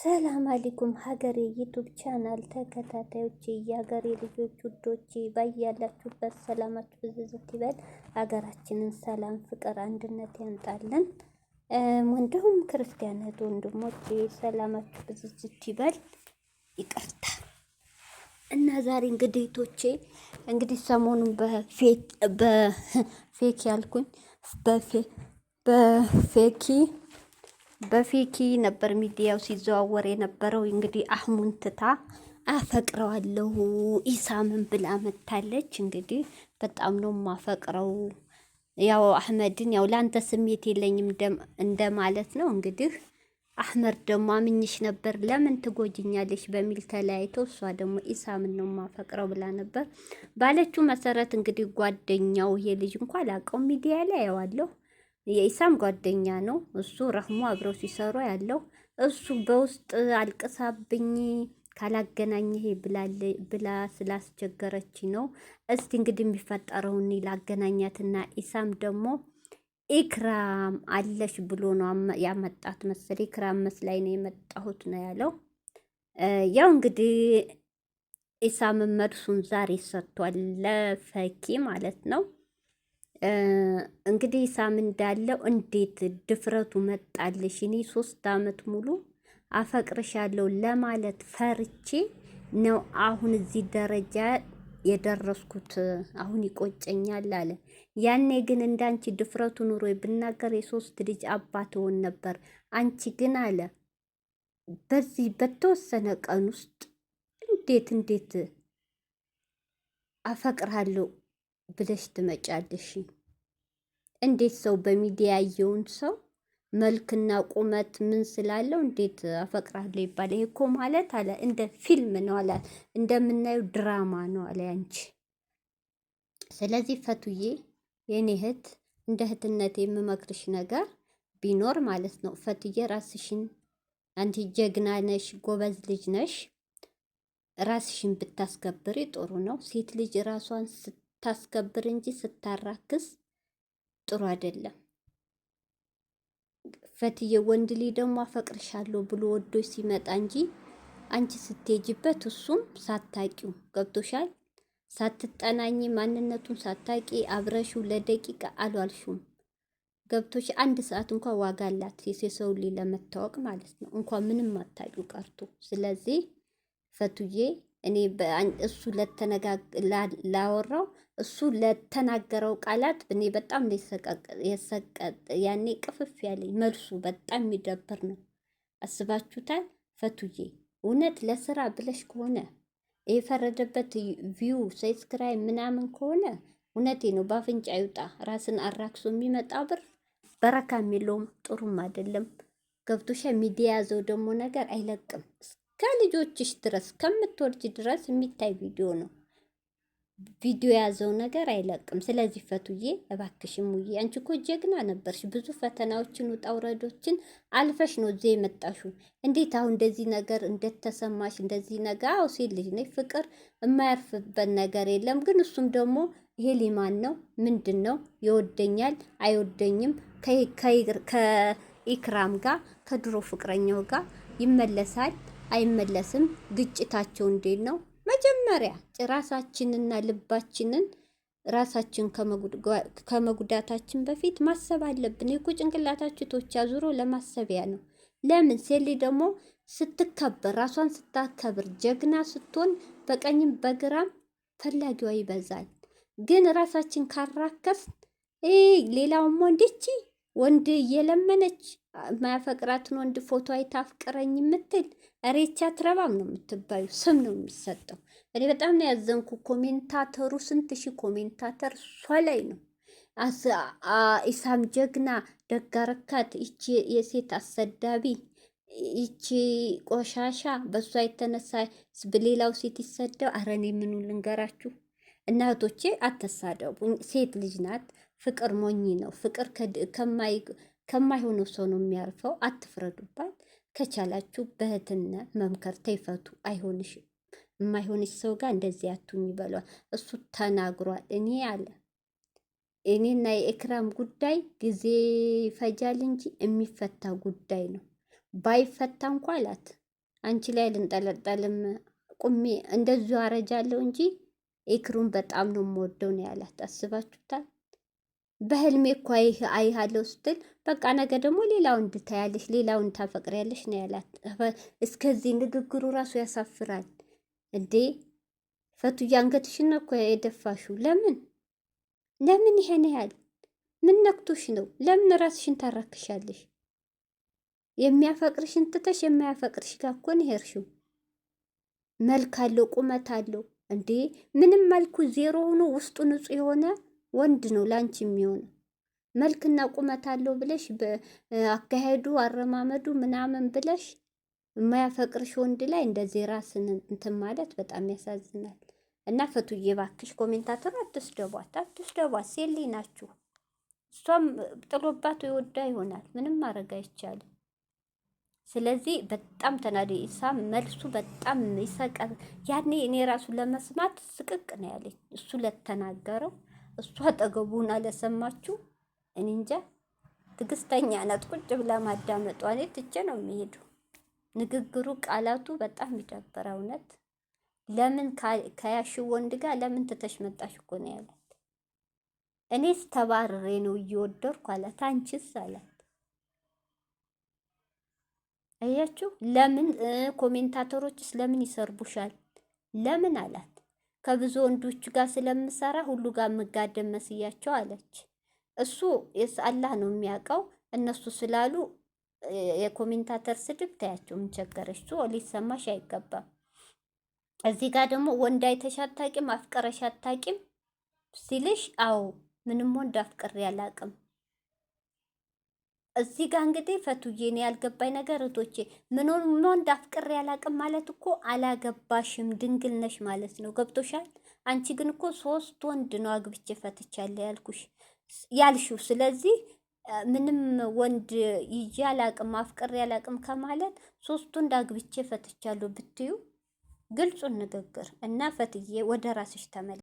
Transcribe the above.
ሰላም አለይኩም ሀገሬ ዩቱብ ቻናል ተከታታዮች የሀገሬ ልጆች ውዶች ባያላችሁበት ሰላማችሁ ብዝዝት ይበል። ሀገራችንን ሰላም፣ ፍቅር፣ አንድነት ያምጣልን። ወንድሁም ክርስቲያነት ወንድሞች ሰላማችሁ ብዝዝት ይበል። ይቅርታ እና ዛሬ እንግዲህ ቶቼ እንግዲህ ሰሞኑን በፌክ ያልኩኝ በፌኪ በፌኪ ነበር ሚዲያው ሲዘዋወር የነበረው። እንግዲህ አህሙን ትታ አፈቅረዋለሁ ኢሳምን ብላ መታለች። እንግዲህ በጣም ነው ማፈቅረው ያው አህመድን ያው ለአንተ ስሜት የለኝም እንደማለት ነው። እንግዲህ አህመድ ደግሞ አምኝሽ ነበር ለምን ትጎጅኛለሽ በሚል ተለያይቶ፣ እሷ ደግሞ ኢሳምን ነው ማፈቅረው ብላ ነበር ባለችው መሰረት እንግዲህ ጓደኛው ይሄ ልጅ እንኳ ላቀው ሚዲያ ላይ ያዋለሁ የኢሳም ጓደኛ ነው እሱ ረህሙ አብረው ሲሰሩ ያለው እሱ በውስጥ አልቅሳብኝ ካላገናኘህ ብላ ስላስቸገረች ነው። እስቲ እንግዲህ የሚፈጠረውን ላገናኛትና ኢሳም ደግሞ ኢክራም አለሽ ብሎ ነው ያመጣት መሰል ኢክራም መስላይ ነው የመጣሁት ነው ያለው። ያው እንግዲህ ኢሳም መልሱን ዛሬ ሰጥቷል ለፈኪ ማለት ነው። እንግዲህ ሳም እንዳለው እንዴት ድፍረቱ መጣለሽ እኔ ሶስት አመት ሙሉ አፈቅርሻለሁ ለማለት ፈርቼ ነው አሁን እዚህ ደረጃ የደረስኩት። አሁን ይቆጨኛል አለ። ያኔ ግን እንዳንቺ ድፍረቱ ኑሮ ብናገር የሶስት ልጅ አባት ሆን ነበር። አንቺ ግን አለ በዚህ በተወሰነ ቀን ውስጥ እንዴት እንዴት አፈቅርሃለሁ ብለሽ ትመጫለሽ። እንዴት ሰው በሚዲያ ያየውን ሰው መልክና ቁመት ምን ስላለው እንዴት አፈቅራለሁ ይባላል? ይሄ እኮ ማለት አለ እንደ ፊልም ነው አለ እንደምናየው ድራማ ነው አለ አንቺ። ስለዚህ ፈቱዬ የኔ እህት እንደ እህትነት የምመክርሽ ነገር ቢኖር ማለት ነው ፈትዬ ራስሽን አንቺ ጀግና ነሽ፣ ጎበዝ ልጅ ነሽ። ራስሽን ብታስከብሪ ጥሩ ነው። ሴት ልጅ ራሷን ስታስከብር እንጂ ስታራክስ ጥሩ አይደለም። ፈትዬ ወንድ ልጅ ደግሞ አፈቅርሻለሁ ብሎ ወዶች ሲመጣ እንጂ አንቺ ስትሄጅበት እሱም ሳታቂው ገብቶሻል። ሳትጠናኝ ማንነቱን ሳታቂ አብረሹ ለደቂቃ አሏልሹም ገብቶች አንድ ሰዓት እንኳ ዋጋ አላት የሰው ልጅ ለመታወቅ ማለት ነው እንኳ ምንም አታቂው ቀርቶ። ስለዚህ ፈቱዬ እኔ እሱ ላወራው እሱ ለተናገረው ቃላት እኔ በጣም የሰቀጥ ያኔ ቅፍፍ ያለኝ መልሱ በጣም የሚደብር ነው። አስባችሁታል? ፈቱዬ እውነት ለስራ ብለሽ ከሆነ የፈረደበት ቪው ሰብስክራይብ ምናምን ከሆነ እውነቴ ነው በአፍንጫ ይውጣ። ራስን አራክሶ የሚመጣ ብር በረካ የለውም ጥሩም አይደለም። ገብቶሻ? ሚዲያ ያዘው ደግሞ ነገር አይለቅም። ከልጆችሽ ድረስ ከምትወልጅ ድረስ የሚታይ ቪዲዮ ነው። ቪዲዮ የያዘው ነገር አይለቅም። ስለዚህ ፈቱዬ እባክሽም ሙዬ፣ አንቺ እኮ ጀግና ነበርሽ። ብዙ ፈተናዎችን ውጣ ውረዶችን አልፈሽ ነው እዚህ የመጣሹ። እንዴት አሁን እንደዚህ ነገር እንደተሰማሽ እንደዚህ ነገር? አው ሴት ልጅ ነ ፍቅር የማያርፍበት ነገር የለም። ግን እሱም ደግሞ ይሄ ሊማን ነው ምንድን ነው ይወደኛል አይወደኝም፣ ከኢክራም ጋር ከድሮ ፍቅረኛው ጋር ይመለሳል አይመለስም። ግጭታቸው እንዴት ነው? መጀመሪያ ራሳችንና ልባችንን ራሳችን ከመጉዳታችን በፊት ማሰብ አለብን። ይህ እኮ ጭንቅላታችሁ ቶቻ ዙሮ ለማሰቢያ ነው። ለምን ሴሊ ደግሞ ስትከበር ራሷን ስታከብር ጀግና ስትሆን በቀኝም በግራም ፈላጊዋ ይበዛል። ግን ራሳችን ካራከስ ሌላውም ወንድ ወንድ እየለመነች ማያፈቅራትን ወንድ ፎቶ አይታ የምትል እሬቻ ትረባም ነው የምትባዩ። ስም ነው የሚሰጠው። እኔ በጣም ነው ያዘንኩ። ኮሜንታተሩ ስንት ሺ ኮሜንታተር እሷ ላይ ነው። ኢሳም ጀግና ደጋረካት ይቺ የሴት አሰዳቢ ይቺ ቆሻሻ በሷ የተነሳ ሌላው ሴት ይሰደው። አረ እኔ ምኑ ልንገራችሁ እናቶቼ፣ አተሳደቡ። ሴት ልጅ ናት። ፍቅር ሞኝ ነው። ፍቅር ከማይ ከማይሆነው ሰው ነው የሚያርፈው። አትፍረዱባት። ከቻላችሁ በእህትና መምከር ተይፈቱ። አይሆንሽ የማይሆንሽ ሰው ጋር እንደዚህ አቱኝ ይበሏል። እሱ ተናግሯል። እኔ አለ እኔና የኤክራም ጉዳይ ጊዜ ይፈጃል እንጂ የሚፈታ ጉዳይ ነው። ባይፈታ እንኳ አላት አንቺ ላይ ልንጠለጠልም ቁሜ እንደዚሁ አረጃለሁ እንጂ ኤክሩን በጣም ነው የምወደው ነው ያላት። አስባችሁታል? በህልሜ እኮ ይህ አይሃለሁ ስትል፣ በቃ ነገ ደግሞ ሌላውን እንድታያለሽ ሌላውን ታፈቅሪያለሽ ነው ያላት። እስከዚህ ንግግሩ ራሱ ያሳፍራል እንዴ! ፈቱዬ አንገትሽን እኮ የደፋሽው ለምን ለምን ይሄን ያህል ምን ነክቶሽ ነው? ለምን ራስሽን ታራክሻለሽ? የሚያፈቅርሽን ትተሽ የማያፈቅርሽ ጋር እኮ ነው የሄድሽው። መልክ አለው ቁመት አለው እንዴ! ምንም መልኩ ዜሮ ሆኖ ውስጡ ንጹህ የሆነ ወንድ ነው ላንቺ የሚሆነው። መልክና ቁመት አለው ብለሽ አካሄዱ፣ አረማመዱ ምናምን ብለሽ የማያፈቅርሽ ወንድ ላይ እንደዚህ ራስን እንትን ማለት በጣም ያሳዝናል። እና ፈቱዬ ባክሽ ኮሜንታተሩ አትስደቧት፣ አትስደቧት። ሴሌ ናችሁ። እሷም ጥሎባት ወዳ ይሆናል ምንም ማድረግ አይቻልም። ስለዚህ በጣም ተናደ ኢሳም። መልሱ በጣም ይሰቀ ያኔ እኔ ራሱ ለመስማት ስቅቅ ነው ያለኝ እሱ ለተናገረው እሱ አጠገቡን አለሰማችሁ። እኔ እንጃ ትግስተኛ ናት። ቁጭ ብላ ማዳመጧ እኔ ትቼ ነው የሚሄዱ። ንግግሩ ቃላቱ በጣም ይደብራ። እውነት ለምን ከያሽ ወንድ ጋር ለምን ትተሽ መጣሽ እኮ ነው ያላት። እኔስ ተባርሬ ነው እየወደድኩ አላት። አንቺስ አላት። አያችሁ ለምን ኮሜንታተሮችስ ለምን ይሰርቡሻል? ለምን አላት። ከብዙ ወንዶች ጋር ስለምሰራ ሁሉ ጋር የምጋደም መስያቸው አለች። እሱ አላህ ነው የሚያውቀው። እነሱ ስላሉ የኮሜንታተር ስድብ ታያቸው። ምን ቸገረሽ? እሱ ሊሰማሽ አይገባም። እዚህ ጋር ደግሞ ወንድ አይተሽ አታቂም፣ አፍቅረሽ አታቂም ሲልሽ፣ አዎ ምንም ወንድ አፍቅሬ አላቅም እዚህ ጋር እንግዲህ ፈቱዬ ነው ያልገባኝ ነገር እህቶቼ፣ ምኖር ሆኖ እንዳፍቅሬ አላቅም ማለት እኮ አላገባሽም፣ ድንግል ነሽ ማለት ነው። ገብቶሻል? አንቺ ግን እኮ ሶስት ወንድ ነው አግብቼ ፈትቻለሁ ያልኩሽ ያልሽው። ስለዚህ ምንም ወንድ ይዤ አላቅም አፍቅሬ አላቅም ከማለት ሶስት ወንድ አግብቼ ፈትቻለሁ ብትዩ ግልጹን ንግግር እና ፈትዬ ወደ ራስሽ ተመለ